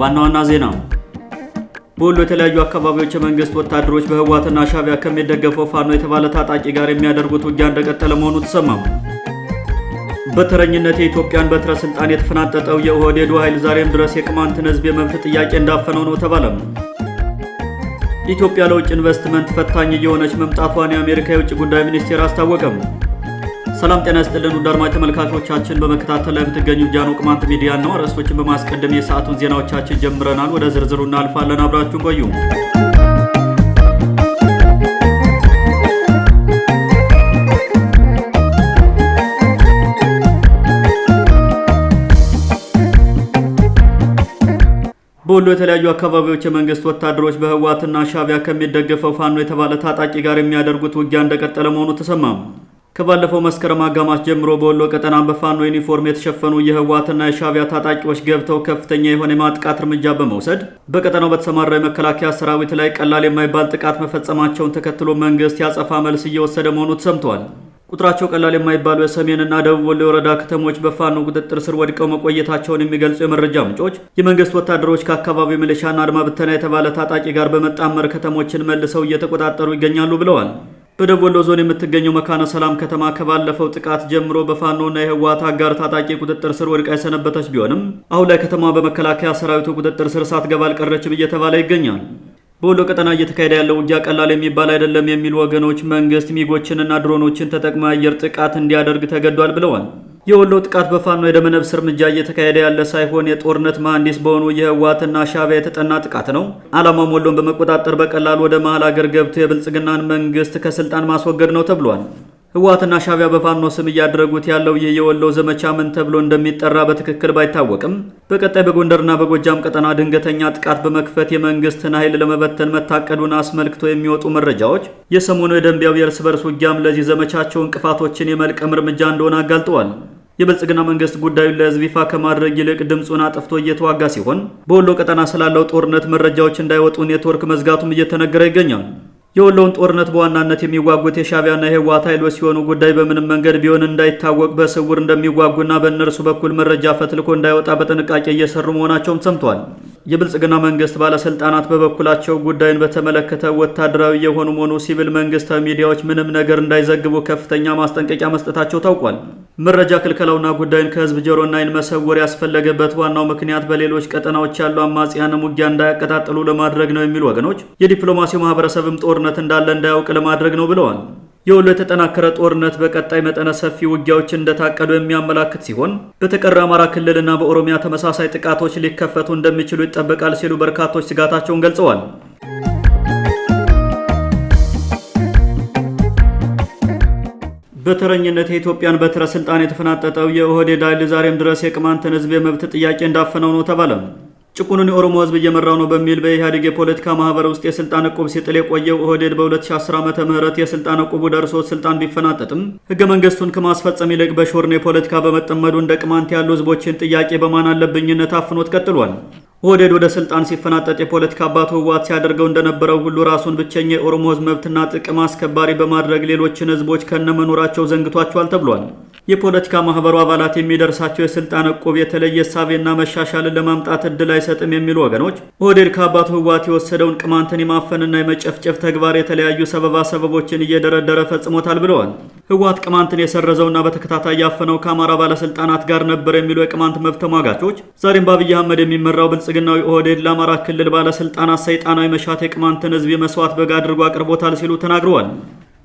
ዋና ዋና ዜና በወሎ የተለያዩ አካባቢዎች የመንግስት ወታደሮች በህወሓትና ሻቢያ ከሚደገፈው ፋኖ የተባለ ታጣቂ ጋር የሚያደርጉት ውጊያ እንደቀጠለ መሆኑ ተሰማም። በተረኝነት የኢትዮጵያን በትረ ስልጣን የተፈናጠጠው የኦህዴዱ ኃይል ዛሬም ድረስ የቅማንትን ህዝብ የመብት ጥያቄ እንዳፈነው ነው ተባለም። ኢትዮጵያ ለውጭ ኢንቨስትመንት ፈታኝ እየሆነች መምጣቷን የአሜሪካ የውጭ ጉዳይ ሚኒስቴር አስታወቀም። ሰላም ጤና ይስጥልን ውድ አድማጭ ተመልካቾቻችን፣ በመከታተል ላይ የምትገኙ ጃኖ ቅማንት ሚዲያ ነው። ርዕሶችን በማስቀደም የሰዓቱን ዜናዎቻችን ጀምረናል። ወደ ዝርዝሩ እናልፋለን። አብራችሁ ቆዩ። በወሎ የተለያዩ አካባቢዎች የመንግስት ወታደሮች በህወሓትና ሻቢያ ከሚደገፈው ፋኖ የተባለ ታጣቂ ጋር የሚያደርጉት ውጊያ እንደቀጠለ መሆኑ ተሰማም። ከባለፈው መስከረም አጋማሽ ጀምሮ በወሎ ቀጠና በፋኖ ዩኒፎርም የተሸፈኑ የህወሓትና የሻቢያ ታጣቂዎች ገብተው ከፍተኛ የሆነ የማጥቃት እርምጃ በመውሰድ በቀጠናው በተሰማራ የመከላከያ ሰራዊት ላይ ቀላል የማይባል ጥቃት መፈጸማቸውን ተከትሎ መንግስት ያጸፋ መልስ እየወሰደ መሆኑ ተሰምቷል። ቁጥራቸው ቀላል የማይባሉ የሰሜንና ደቡብ ወሎ የወረዳ ከተሞች በፋኖ ቁጥጥር ስር ወድቀው መቆየታቸውን የሚገልጹ የመረጃ ምንጮች የመንግስት ወታደሮች ከአካባቢው ሚሊሻና አድማ ብተና የተባለ ታጣቂ ጋር በመጣመር ከተሞችን መልሰው እየተቆጣጠሩ ይገኛሉ ብለዋል። በደቡብ ወሎ ዞን የምትገኘው መካነ ሰላም ከተማ ከባለፈው ጥቃት ጀምሮ በፋኖና የህወሓት አጋር ታጣቂ ቁጥጥር ስር ወድቃ የሰነበተች ቢሆንም አሁን ላይ ከተማ በመከላከያ ሰራዊቱ ቁጥጥር ስር ሳትገባ አልቀረችም እየተባለ ይገኛል። በወሎ ቀጠና እየተካሄደ ያለው ውጊያ ቀላል የሚባል አይደለም የሚሉ ወገኖች መንግስት ሚጎችንና ድሮኖችን ተጠቅሞ አየር ጥቃት እንዲያደርግ ተገዷል ብለዋል። የወሎ ጥቃት በፋኖ የደመነፍስ እርምጃ እየተካሄደ ያለ ሳይሆን የጦርነት መሐንዲስ በሆኑ የህወሓትና ሻዕቢያ የተጠና ጥቃት ነው። ዓላማውም ወሎን በመቆጣጠር በቀላል ወደ መሀል አገር ገብቶ የብልጽግናን መንግስት ከስልጣን ማስወገድ ነው ተብሏል። ህወሓትና ሻዕቢያ በፋኖ ስም እያደረጉት ያለው ይህ የወሎ ዘመቻ ምን ተብሎ እንደሚጠራ በትክክል ባይታወቅም በቀጣይ በጎንደርና በጎጃም ቀጠና ድንገተኛ ጥቃት በመክፈት የመንግስትን ኃይል ለመበተን መታቀዱን አስመልክቶ የሚወጡ መረጃዎች የሰሞኑ የደንቢያው የእርስ በርስ ውጊያም ለዚህ ዘመቻቸው እንቅፋቶችን የመልቀም እርምጃ እንደሆነ አጋልጠዋል። የብልጽግና መንግስት ጉዳዩን ለህዝብ ይፋ ከማድረግ ይልቅ ድምፁን አጥፍቶ እየተዋጋ ሲሆን በወሎ ቀጠና ስላለው ጦርነት መረጃዎች እንዳይወጡ ኔትወርክ መዝጋቱም እየተነገረ ይገኛል። የወሎውን ጦርነት በዋናነት የሚዋጉት የሻዕቢያና የህወሓት ኃይሎች ሲሆኑ ጉዳይ በምንም መንገድ ቢሆን እንዳይታወቅ በስውር እንደሚዋጉና በእነርሱ በኩል መረጃ ፈትልኮ እንዳይወጣ በጥንቃቄ እየሰሩ መሆናቸውም ሰምቷል። የብልጽግና መንግስት ባለስልጣናት በበኩላቸው ጉዳዩን በተመለከተ ወታደራዊ የሆኑ መሆኑ ሲቪል መንግስታዊ ሚዲያዎች ምንም ነገር እንዳይዘግቡ ከፍተኛ ማስጠንቀቂያ መስጠታቸው ታውቋል። መረጃ ክልከላውና ጉዳዩን ከህዝብ ጆሮና አይን መሰወር ያስፈለገበት ዋናው ምክንያት በሌሎች ቀጠናዎች ያሉ አማጽያንም ውጊያ እንዳያቀጣጥሉ ለማድረግ ነው የሚሉ ወገኖች የዲፕሎማሲው ማህበረሰብም ጦርነት እንዳለ እንዳያውቅ ለማድረግ ነው ብለዋል። የወሎ የተጠናከረ ጦርነት በቀጣይ መጠነ ሰፊ ውጊያዎች እንደታቀዱ የሚያመላክት ሲሆን በተቀረ አማራ ክልልና በኦሮሚያ ተመሳሳይ ጥቃቶች ሊከፈቱ እንደሚችሉ ይጠበቃል ሲሉ በርካቶች ስጋታቸውን ገልጸዋል። በተረኝነት የኢትዮጵያን በትረ ስልጣን የተፈናጠጠው የኦህዴድ ኃይል ዛሬም ድረስ የቅማንትን ህዝብ የመብት ጥያቄ እንዳፈነው ነው ተባለ። ጭቁኑን የኦሮሞ ህዝብ እየመራው ነው በሚል በኢህአዴግ የፖለቲካ ማህበር ውስጥ የስልጣን ዕቁብ ሲጥል የቆየው ኦህዴድ በ2010 ዓ ም የስልጣን ዕቁቡ ደርሶ ስልጣን ቢፈናጠጥም ህገ መንግስቱን ከማስፈጸም ይልቅ በሾርኔ ፖለቲካ በመጠመዱ እንደ ቅማንት ያሉ ህዝቦችን ጥያቄ በማን አለብኝነት አፍኖት ቀጥሏል። ወደድ ወደ ስልጣን ሲፈናጠጥ የፖለቲካ አባቱ ህወሓት ሲያደርገው እንደነበረው ሁሉ ራሱን ብቸኛ የኦሮሞ ህዝብ መብትና ጥቅም አስከባሪ በማድረግ ሌሎችን ህዝቦች ከነመኖራቸው ዘንግቷቸዋል ተብሏል። የፖለቲካ ማህበሩ አባላት የሚደርሳቸው የስልጣን እቁብ የተለየ ሳቤና መሻሻልን ለማምጣት እድል አይሰጥም የሚሉ ወገኖች ኦህዴድ ከአባቱ ህወሓት የወሰደውን ቅማንትን የማፈንና የመጨፍጨፍ ተግባር የተለያዩ ሰበባ ሰበቦችን እየደረደረ ፈጽሞታል ብለዋል። ህወሓት ቅማንትን የሰረዘውና በተከታታይ ያፈነው ከአማራ ባለስልጣናት ጋር ነበር የሚሉ የቅማንት መብት ተሟጋቾች ዛሬም በአብይ አህመድ የሚመራው ብልጽግናዊ ኦህዴድ ለአማራ ክልል ባለስልጣናት ሰይጣናዊ መሻት የቅማንትን ህዝብ የመስዋዕት በግ አድርጎ አቅርቦታል ሲሉ ተናግረዋል።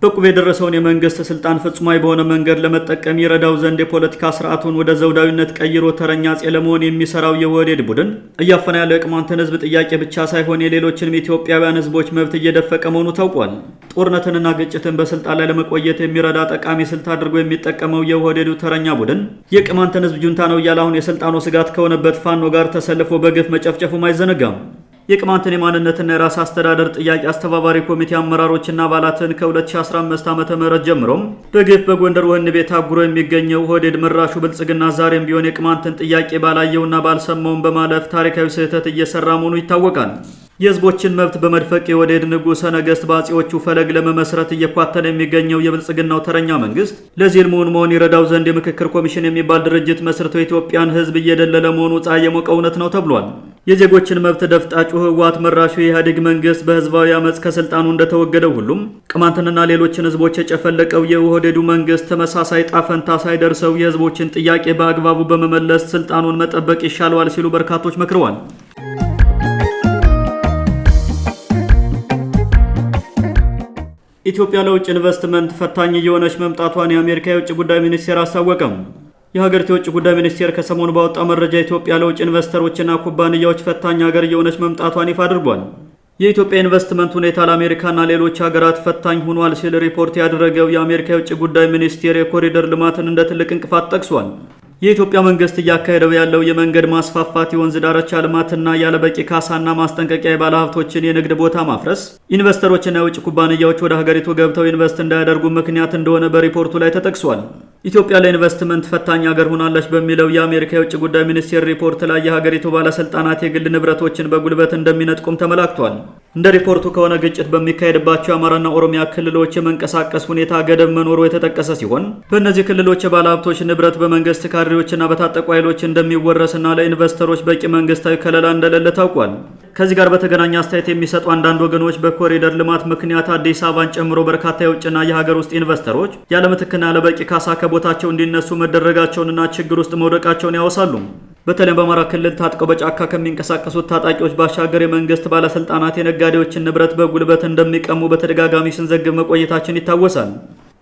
በቁብ የደረሰውን የመንግስት ስልጣን ፍጹማዊ በሆነ መንገድ ለመጠቀም ይረዳው ዘንድ የፖለቲካ ስርዓቱን ወደ ዘውዳዊነት ቀይሮ ተረኛ አፄ ለመሆን የሚሰራው የወዴድ ቡድን እያፈና ያለው የቅማንትን ህዝብ ጥያቄ ብቻ ሳይሆን የሌሎችንም ኢትዮጵያውያን ህዝቦች መብት እየደፈቀ መሆኑ ታውቋል። ጦርነትንና ግጭትን በስልጣን ላይ ለመቆየት የሚረዳ ጠቃሚ ስልት አድርጎ የሚጠቀመው የወዴዱ ተረኛ ቡድን የቅማንትን ህዝብ ጁንታ ነው እያለ አሁን የስልጣኑ ስጋት ከሆነበት ፋኖ ጋር ተሰልፎ በግፍ መጨፍጨፉም አይዘነጋም። የቅማንትን የማንነትና የራስ አስተዳደር ጥያቄ አስተባባሪ ኮሚቴ አመራሮችና አባላትን ከ2015 ዓ ም ጀምሮም በግፍ በጎንደር ወህኒ ቤት አጉሮ የሚገኘው ሆዴድ መራሹ ብልጽግና ዛሬም ቢሆን የቅማንትን ጥያቄ ባላየውና ባልሰማውን በማለፍ ታሪካዊ ስህተት እየሰራ መሆኑ ይታወቃል። የህዝቦችን መብት በመድፈቅ የወዴድ ንጉሰ ነገስት በአጼዎቹ ፈለግ ለመመስረት እየኳተነ የሚገኘው የብልጽግናው ተረኛ መንግስት ለዚህ ህልሙን መሆን ይረዳው ዘንድ የምክክር ኮሚሽን የሚባል ድርጅት መስርቶ የኢትዮጵያን ህዝብ እየደለለ መሆኑ ፀሐይ የሞቀ እውነት ነው ተብሏል። የዜጎችን መብት ደፍጣጩ ህወሓት መራሹ የኢህአዴግ መንግስት በህዝባዊ አመፅ ከስልጣኑ እንደተወገደ ሁሉም ቅማንትንና ሌሎችን ህዝቦች የጨፈለቀው የውህደዱ መንግስት ተመሳሳይ ጣፈንታ ሳይደርሰው የህዝቦችን ጥያቄ በአግባቡ በመመለስ ስልጣኑን መጠበቅ ይሻለዋል ሲሉ በርካቶች መክረዋል። ኢትዮጵያ ለውጭ ኢንቨስትመንት ፈታኝ እየሆነች መምጣቷን የአሜሪካ የውጭ ጉዳይ ሚኒስቴር አስታወቀም። የሀገሪቱ የውጭ ጉዳይ ሚኒስቴር ከሰሞኑ ባወጣው መረጃ ኢትዮጵያ ለውጭ ኢንቨስተሮችና ኩባንያዎች ፈታኝ ሀገር እየሆነች መምጣቷን ይፋ አድርጓል። የኢትዮጵያ ኢንቨስትመንት ሁኔታ ለአሜሪካና ሌሎች ሀገራት ፈታኝ ሆኗል ሲል ሪፖርት ያደረገው የአሜሪካ የውጭ ጉዳይ ሚኒስቴር የኮሪደር ልማትን እንደ ትልቅ እንቅፋት ጠቅሷል። የኢትዮጵያ መንግስት እያካሄደው ያለው የመንገድ ማስፋፋት፣ የወንዝ ዳርቻ ልማትና ያለበቂ ካሳና ማስጠንቀቂያ የባለሀብቶችን የንግድ ቦታ ማፍረስ ኢንቨስተሮችና የውጭ ኩባንያዎች ወደ ሀገሪቱ ገብተው ኢንቨስት እንዳያደርጉ ምክንያት እንደሆነ በሪፖርቱ ላይ ተጠቅሷል። ኢትዮጵያ ለኢንቨስትመንት ፈታኝ ሀገር ሆናለች በሚለው የአሜሪካ የውጭ ጉዳይ ሚኒስቴር ሪፖርት ላይ የሀገሪቱ ባለስልጣናት የግል ንብረቶችን በጉልበት እንደሚነጥቁም ተመላክቷል። እንደ ሪፖርቱ ከሆነ ግጭት በሚካሄድባቸው የአማራና ኦሮሚያ ክልሎች የመንቀሳቀስ ሁኔታ ገደብ መኖሩ የተጠቀሰ ሲሆን በእነዚህ ክልሎች የባለሀብቶች ንብረት በመንግስት ካድሬ በአሸባሪዎችና በታጠቁ ኃይሎች እንደሚወረስና ለኢንቨስተሮች በቂ መንግስታዊ ከለላ እንደሌለ ታውቋል። ከዚህ ጋር በተገናኘ አስተያየት የሚሰጡ አንዳንድ ወገኖች በኮሪደር ልማት ምክንያት አዲስ አበባን ጨምሮ በርካታ የውጭና የሀገር ውስጥ ኢንቨስተሮች ያለምትክና ያለበቂ ካሳ ከቦታቸው እንዲነሱ መደረጋቸውንና ችግር ውስጥ መውደቃቸውን ያወሳሉ። በተለይም በአማራ ክልል ታጥቀው በጫካ ከሚንቀሳቀሱት ታጣቂዎች ባሻገር የመንግስት ባለስልጣናት የነጋዴዎችን ንብረት በጉልበት እንደሚቀሙ በተደጋጋሚ ስንዘግብ መቆየታችን ይታወሳል።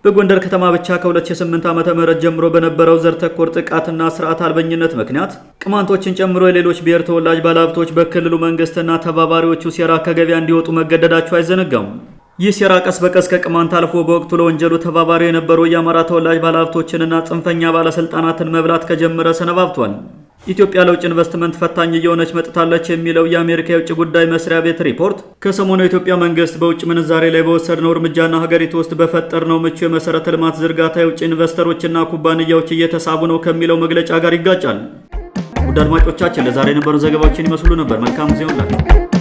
በጎንደር ከተማ ብቻ ከ2008 ዓ ም ጀምሮ በነበረው ዘር ተኮር ጥቃትና ስርዓት አልበኝነት ምክንያት ቅማንቶችን ጨምሮ የሌሎች ብሔር ተወላጅ ባለሀብቶች በክልሉ መንግስትና ተባባሪዎቹ ሴራ ከገበያ እንዲወጡ መገደዳቸው አይዘነጋም። ይህ ሴራ ቀስ በቀስ ከቅማንት አልፎ በወቅቱ ለወንጀሉ ተባባሪ የነበሩ የአማራ ተወላጅ ባለሀብቶችንና ጽንፈኛ ባለሥልጣናትን መብላት ከጀመረ ሰነባብቷል። ኢትዮጵያ ለውጭ ኢንቨስትመንት ፈታኝ እየሆነች መጥታለች የሚለው የአሜሪካ የውጭ ጉዳይ መስሪያ ቤት ሪፖርት ከሰሞኑ የኢትዮጵያ መንግስት በውጭ ምንዛሬ ላይ በወሰድነው እርምጃና ሀገሪቱ ውስጥ በፈጠርነው ምቹ የመሰረተ ልማት ዝርጋታ የውጭ ኢንቨስተሮችና ኩባንያዎች እየተሳቡ ነው ከሚለው መግለጫ ጋር ይጋጫል። ውድ አድማጮቻችን ለዛሬ የነበሩ ዘገባዎችን ይመስሉ ነበር። መልካም ጊዜ ሁላችሁ